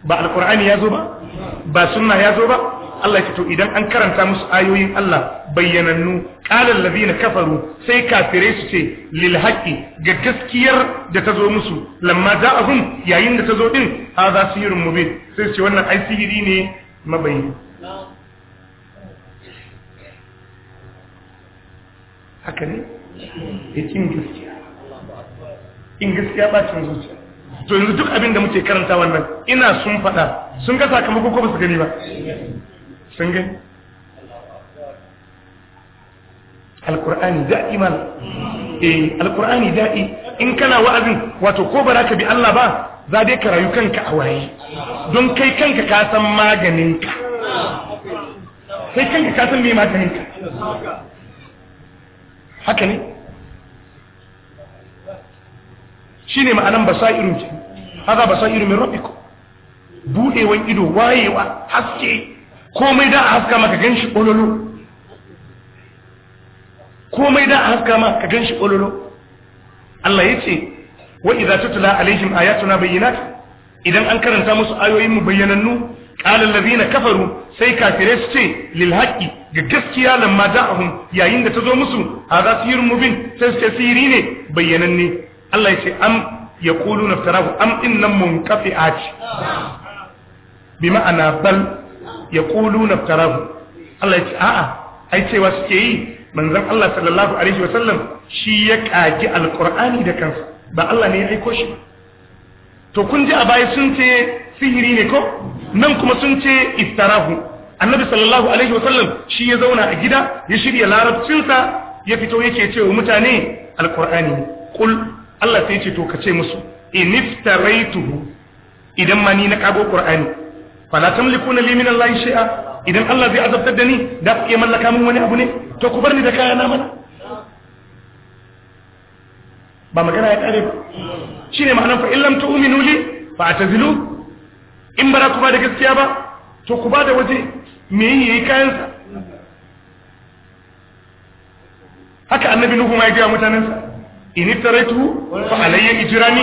ba alqur'ani ya zo ba ba sunna ya zo ba Allah ya to idan an karanta musu ayoyin Allah bayyanannu qala allazina kafaru sai kafirai su ce lil haqqi ga gaskiyar da tazo musu lamma ja'ahum yayin da tazo din hadha sirrun mubin sai su ce wannan ai sihiri ne mabayyin haka ne yakin eh, gaskiya in gaskiya ba bacin zuciya to yanzu duk abin da muke karanta wannan ina sun faɗa sun ga sakamako ko ba su gani ba sun gani alkur'ani daɗi mana eh alkur'ani daɗi in kana wa'azin wato ko ba ka bi Allah ba za dai ka rayu kanka a waye don kai kanka ka san maganinka kai kanka ka san me maganinka haka ne shi ne ma'anan basairu ke haza basairu min rabbikum buɗewan ido wayewa haske komai da a haska maka gan shi ƙololo komai da a haska maka gan shi ƙololo Allah ya ce wa idza tutla alaihim ayatuna bayyinat idan an karanta musu ayoyin mu bayyanannu qala allazina kafaru sai kafire su ce lil haqqi ga gaskiya lamma da'ahum yayin da ta zo musu hadha sirrun mubin sai su sirri ne bayyananne Allah ya ce am yaquluna iftarahu am innam munqati'at bi bal ya ƙulu na tarahu Allah ya ce a'a ai cewa suke yi manzon Allah sallallahu alaihi wasallam shi ya ƙaji alƙur'ani da kansa ba Allah ne ya aiko shi to kun ji a baya sun ce sihiri ne ko nan kuma sun ce iftarahu annabi sallallahu alaihi wasallam shi ya zauna a gida ya shirya larabcinsa ya fito yake ce wa mutane alƙur'ani kul Allah sai ce to ka ce musu iniftaraytuhu idan ma ni na kago ƙur'ani. fala tamlikuna li min Allah shay'a idan Allah zai azabtar da ni da ku iya mallaka min wani abu ne to ku bar ni da kayana mana ba magana ya kare ba shine ma'anar fa illam tu'minu li fa atazilu in bara ku ba da gaskiya ba to ku ba da waje me yi yayi kayansa haka annabi nuhu ma ya ga mutanansa in taraitu fa alayya ijrani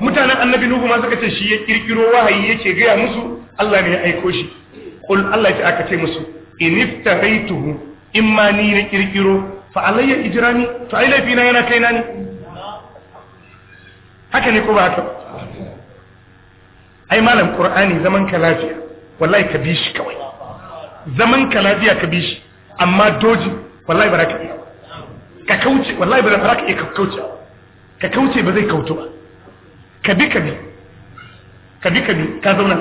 mutanen annabi nuhu ma suka ce shi ya kirkiro wahayi yake gaya musu Allah ne ya aiko shi qul Allah ya aka ce musu in iftahaituhu imma ni na kirkiro fa alayya ijrami to ai laifina yana kaina ne haka ne ko ba haka ai malam qur'ani zaman ka lafiya wallahi ka bi shi kawai zaman ka lafiya ka bi shi amma doji wallahi baraka ka kauce wallahi baraka ka kauce ka kauce ba zai kautu ba ka bi ka bi ka bi ka bi ka zauna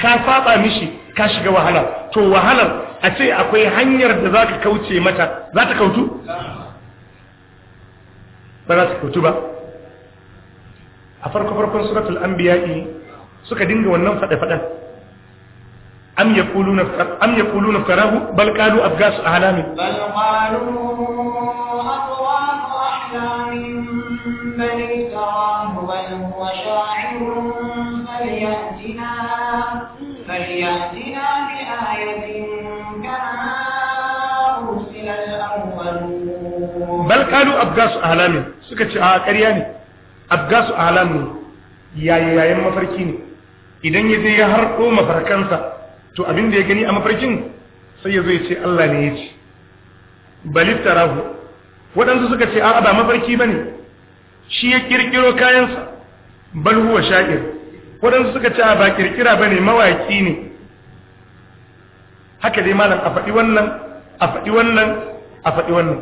ka saba mishi ka shiga wahala to wahalar a ce akwai hanyar da za ka kauce mata za ta kautu? ba za ta kautu ba a farko-farkon suratul an biya'i suka dinga wannan faɗe-faɗen am ya kulu na farahu balkalu abgasu a halamin balkalu abuwa a halamin من ابتغاه بل هو شاعر فليأتنا فليأتنا بآية كما أرسل الأولون بل قالوا أبغاس أهلام سكتش يا يا يا مفركين idan ya je ya harko mafarkansa to abin da ya gani a mafarkin sai ya zo ya ce Allah ne ya ce balittarahu waɗansu suka ce a'a ba mafarki bane shi ya kirkiro kayansa bal huwa sha'ir waɗansu suka ce ba kirkira bane mawaki ne haka dai malam a faɗi wannan a faɗi wannan a faɗi wannan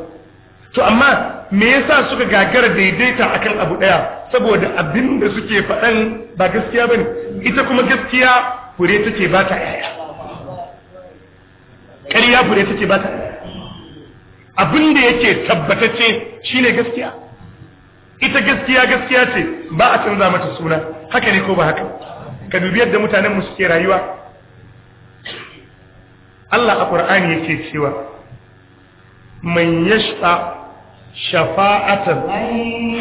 to amma me yasa suka gagara daidaita akan abu ɗaya saboda abin da suke faɗan ba gaskiya bane ita kuma gaskiya fure take ba ta yaya ƙarya fure take ba ta yaya abin da yake tabbatacce shine gaskiya ita gaskiya gaskiya ce ba a canza mata suna haka ne ko ba haka ka dubi yadda mutanen mu suke rayuwa Allah a Qur'ani yake cewa man yashfa shafa'atan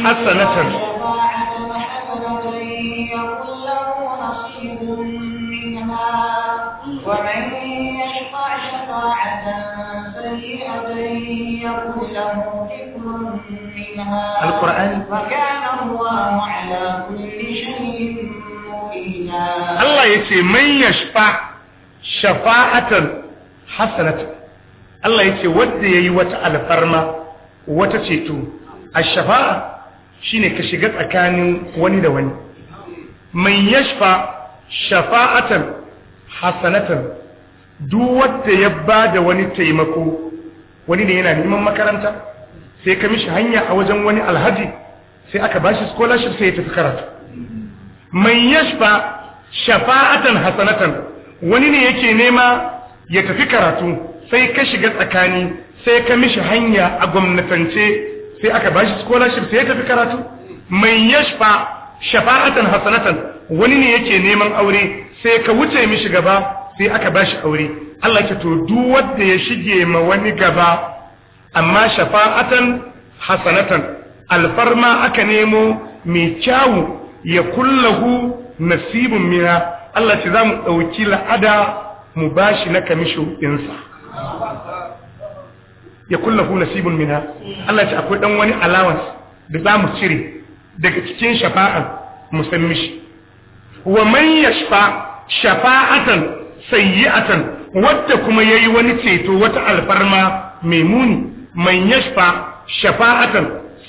hasanatan ومن يشفع شفاعة سيئة له منها القرآن وكان الله على كل شيء مقينا الله يتي من يشفع شفاعة حسنة الله يتي ود يي وتا الفرما وتا الشفاعة shine ka shiga tsakanin wani da wani man yashfa shafa'atan hasanatan duk wadda ya da wani taimako wani ne yana neman makaranta sai ka mishi hanya a wajen wani alhaji sai aka bashi scholarship sai ya tafi karatu man yashfa shafa'atan hasanatan wani ne yake nema ya tafi karatu sai ka shiga tsakani sai ka mishi hanya a gwamnatance sai aka bashi scholarship sai ya tafi karatu man yashfa shafa'atan hasanatan wani ne yake neman aure sai ka wuce mishi gaba sai aka bashi aure Allah ke to duk wanda ya shige ma wani gaba amma shafa'atan hasanatan alfarma aka nemo mai kyawu ya kullahu nasibin mina Allah ce za mu ɗauki la'ada mu ba shi na kamishin ɗinsa ya kullahu nasibin mina Allah ce akwai ɗan wani allowance da za mu cire daga cikin shafa'an musammi shi wa man shafa shafa'atan sayyi'atan wadda kuma ya yi wani ceto wata alfarma mai muni man yashfa shafa'atan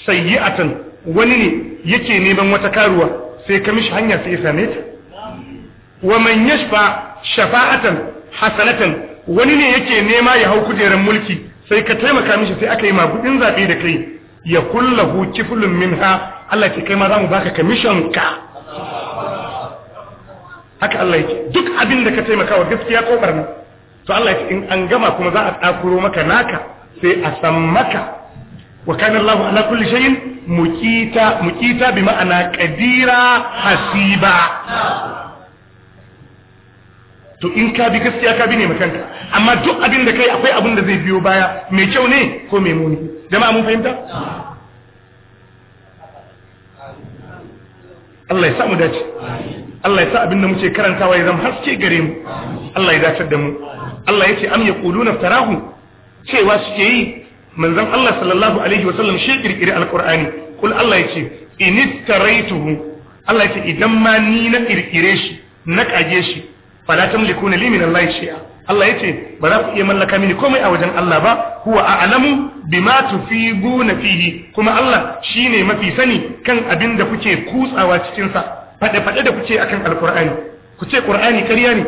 sayyi'atan wani ne yake neman wata karuwa sai ka mishi hanya sai same ta wa man yashfa shafa'atan hasanatan wani ne yake nema ya hau kujeran mulki sai ka taimaka mishi sai aka yi magudin zabe da kai ya kullahu kiflun minha Allah ke kai ma zamu baka commission ka haka Allah yake duk abin da ka taimaka wa gaskiya ko barna to Allah yake in an gama kuma za a tsakuro maka naka sai a san maka wa kana Allah ala kulli shay'in muqita bi ma'ana ƙadira hasiba to in ka bi gaskiya ka bi ne makanka amma duk abin da kai akwai abin da zai biyo baya mai kyau ne ko mai muni jama'a mun fahimta Allah ya sa mu dace Allah ya sa abin da muke karantawa ya zama haske gare mu Allah ya dace da mu Allah ya ce am yaquluna tarahu cewa suke yi manzon Allah sallallahu alaihi wa sallam shi kirkiri alkur'ani kul Allah yace inistaraituhu Allah ce idan ma ni na kirkire shi na kage shi fala tamlikuna li min Allah shay'a Allah yace ba za ku iya mallaka mini komai a wajen Allah ba huwa a'lamu bima tufiguna fihi kuma Allah shine mafi sani kan abin da kuke kutsawa cikin sa fade fade da kuke akan alqur'ani ku ce qur'ani karya ne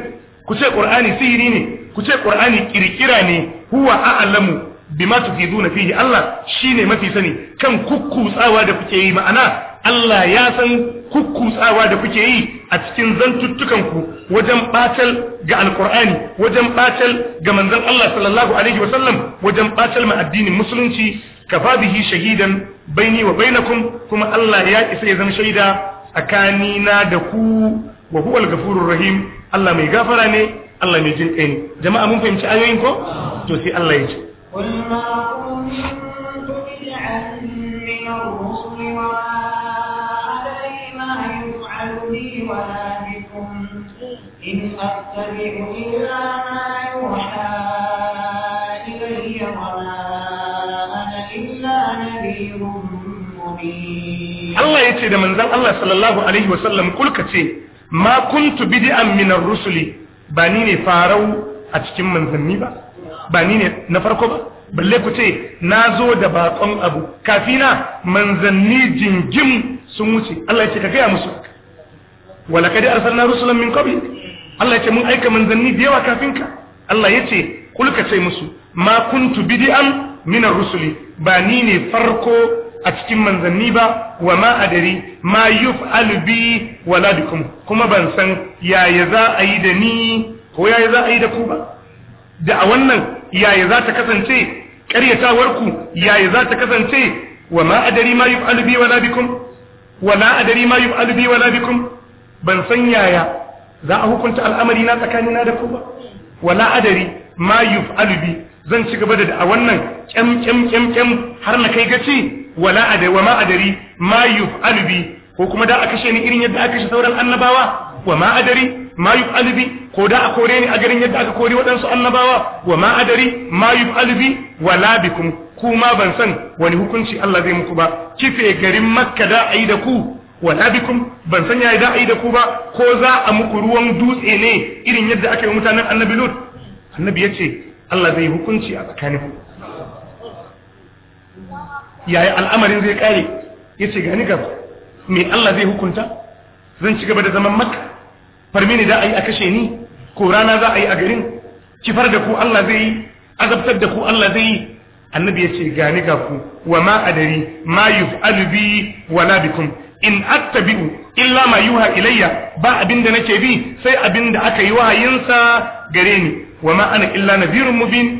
ku ce qur'ani sihiri ne ku ce ƙur'ani ƙirƙira ne huwa a'lamu bima tufiduna fiye. Allah shine mafi sani kan kukkutsawa da kuke yi ma'ana Allah ya san kukkutsawa da kuke yi a cikin zantuttukanku wajen batal ga Alƙur'ani. wajen ɓatal ga manzon Allah sallallahu alaihi wasallam wajen batal ma addinin musulunci kafa bihi shahidan baini wa bainakum kuma Allah ya isa ya zama shaida tsakanina da ku wa huwal gafurur rahim Allah mai gafara ne Allah mai jinƙai ne jama'a mun fahimci ayoyin ko to sai Allah ya Allah ya ce da manzan Allah sallallahu Alaihi wasallam kulka ce ma kuntu bidi'an minar rusuli ba ni ne farau a cikin manzanni ba ba ni ne na farko ba balle ku ce na zo da bakon abu kafina manzanni jingim sun wuce Allah ya ce ka gaya musu wala kadi arsalna rusulan min qabli Allah ya ce mun aika manzanni da yawa kafin ka Allah ya ce kulka ce musu ma kuntu bid'an min ar-rusuli ba ni ne farko a cikin manzanni ba wa ma adari ma yuf'alu bi waladukum kuma ban san yaya za a yi da ni ko yaya za a yi da ku ba da a wannan yaya za ta kasance ƙaryatawarku yaya za ta kasance wa ma adari ma yuf'alu bi waladukum wa la adari ma yuf'alu bi waladukum ban san yaya za a hukunta al'amari na tsakanina da ku ba wa adari ma yuf'alu bi zan ci gaba da a wannan kyam kyam kyam kyam har na kai gaci wala adari wa ma adari ma yuf'alu bi ko kuma da aka kashe ni irin yadda aka sauran annabawa wa ma adari ma yuf'alu bi ko da aka kore ni a garin yadda aka kore waɗansu annabawa wa ma adari ma yuf'alu bi wala bikum kuma ban san wani hukunci Allah zai muku ba kife garin Makka da ayi da ku wala bikum ban san yayi da ayi da ku ba ko za a muku ruwan dutse ne irin yadda aka yi mutanen annabi Lut annabi yace Allah zai hukunci a tsakaninku yaya al'amarin zai kare yace gani gaba me Allah zai hukunta zan ci gaba da zaman makka farmi ne da a yi a kashe ni ko rana za a yi a garin kifar da ku Allah zai yi azabtar da ku Allah zai yi annabi yace gani ga ku wa ma adari ma yuf'alu bi wala bikum in attabi'u illa ma yuha ilayya ba abinda nake bi sai abinda aka yi wahayinsa gare ni wa ma ana illa nadhirun mubin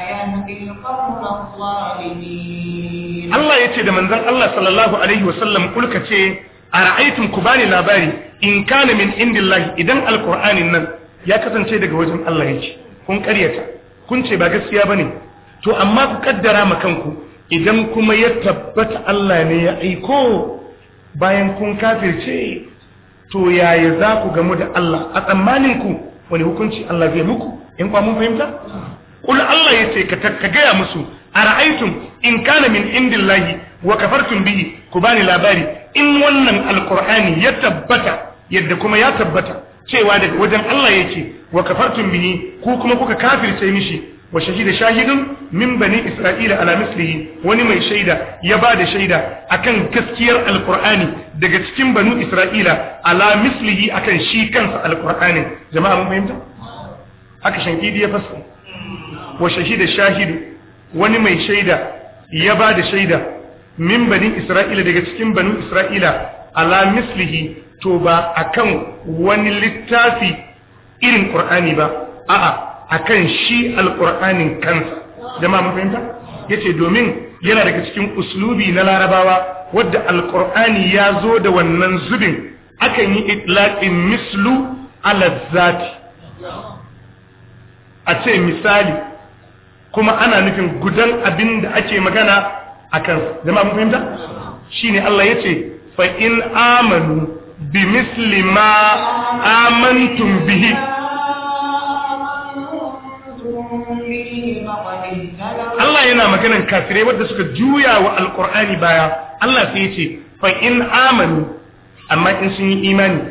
Allah ya ce da manzan Allah sallallahu Alaihi wasallam kulka ce, A ra'aitun ku bani labari in kana min indillahi idan alkur'anin nan ya kasance daga wajen Allah ya ce, kun karyata, kun ce ba gaskiya ba ne, to amma ku kaddara ma kanku idan kuma ya tabbata Allah ne ya aiko bayan kun kafirce to yaya za ku gamu da Allah a tsammaninku wani hukunci Allah zai muku in kwamun mun fahimta? kul Allah yace ka ka gaya musu ara'aytum in kana min indillahi wa kafartum bihi ku bani labari in wannan alqur'ani ya tabbata yadda kuma ya tabbata cewa daga wajen Allah yake wa kafartum bihi ku kuma kuka kafirce mishi wa shahida shahidun min bani isra'ila ala mislihi wani mai shaida ya bada shaida akan gaskiyar alqur'ani daga cikin banu isra'ila ala mislihi akan shi kansa alqur'anin jama'a mun fahimta haka shankidi ya fassara wa shahida shahidu wani mai shaida ya ba da shaida min bani isra'ila daga cikin banin isra'ila ala mislihi to ba akan wani littafi irin qur'ani ba a'a akan shi alqur'anin kansa jama'a mun fahimta yace domin yana daga cikin uslubi na larabawa wadda alqur'ani ya zo da wannan zubin akan yi itlaqin mislu ala zati a ce misali kuma ana nufin gudan abin da ake magana a kan jama'a mun fahimta shine Allah yace fa in amanu bi misli ma amantum bihi Allah yana maganan kafirai wadda suka juya wa alqur'ani baya Allah sai yace fa in amanu amma in sun yi imani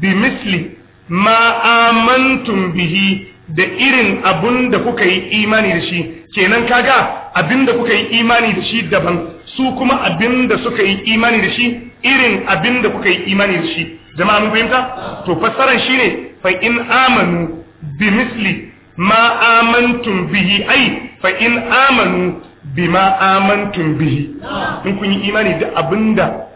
bi misli ma amantum bihi da irin abun da kuka yi imani da shi kenan kaga abin da kuka yi imani da shi daban su kuma abin da suka yi imani da shi irin abin da kuka yi imani da shi jama'a mun fahimta to fassaran shine fa in amanu bi misli ma amantum bihi ai fa in amanu ma amantum bihi in kun yi imani da abinda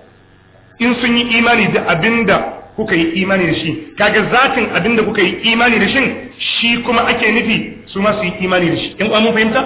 in sun yi imani da abinda kuka yi imani da shi kaga zatin abin da kuka yi imani da shin shi kuma ake nufi su ma su yi imani da shi in mun fahimta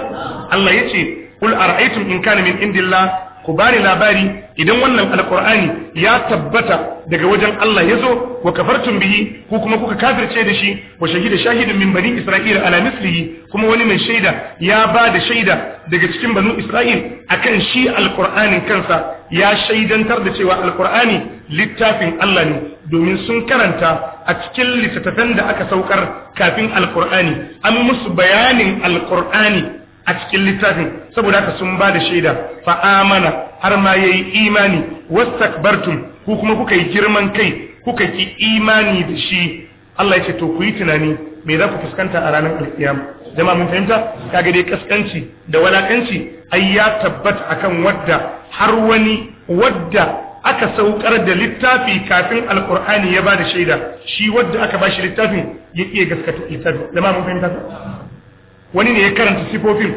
Allah ya ce qul ara'aytum in kana min indillah ku bani labari idan wannan alkur'ani ya tabbata daga wajen Allah ya zo wa kafartum bihi ku kuma kuka kafirce da shi wa shahida shahidun min bani isra'ila ala mislihi kuma wani mai shaida ya ba da shaida daga cikin banu isra'il akan shi alkur'anin kansa ya shaidantar da cewa alkur'ani littafin Allah ne domin sun karanta a cikin littattafan da aka saukar kafin alkur'ani an musu bayanin alkur'ani a cikin littafin saboda haka sun ba da shaida fa amana har ma yayi imani wastakbartum ku kuma kuka yi girman kai kuka ki imani da shi Allah yake to ku yi tunani me za ku fuskanta a ranar alkiyama jama'a mun fahimta kaga dai kaskanci da walakanci ai ya tabbata akan wadda har wani wadda aka saukar da littafi kafin Alƙur'ani ya ba da shaida shi wadda aka ba shi littafin ya iya gaskata littafin jama'a mun fahimta wani ne ya karanta sifofin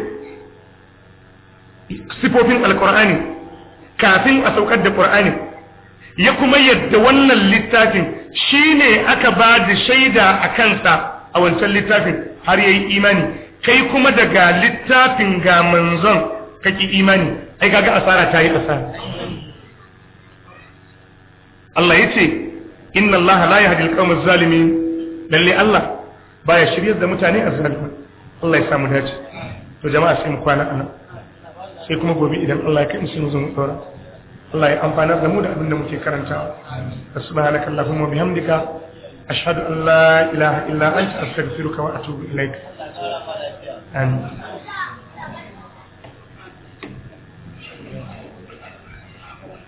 sifofin alkur'ani kafin a saukar da qur'ani ya kuma yadda wannan littafin shine aka ba da shaida a kansa a wancan littafin har yayi imani kai kuma daga littafin ga manzon kake imani ai kaga asara ta yi asara Allah yace inna Allah la yahdi al-qawm az-zalimin lalle Allah baya shiryar da mutane azzalimi Allah ya samu dace to jama'a sai mu kwana ana sai kuma gobe idan Allah ya kai mu sun mu zo Allah ya amfana da mu da abin da muke karantawa subhanaka allahumma bihamdika ashhadu an la ilaha illa anta astaghfiruka wa atubu ilaik amin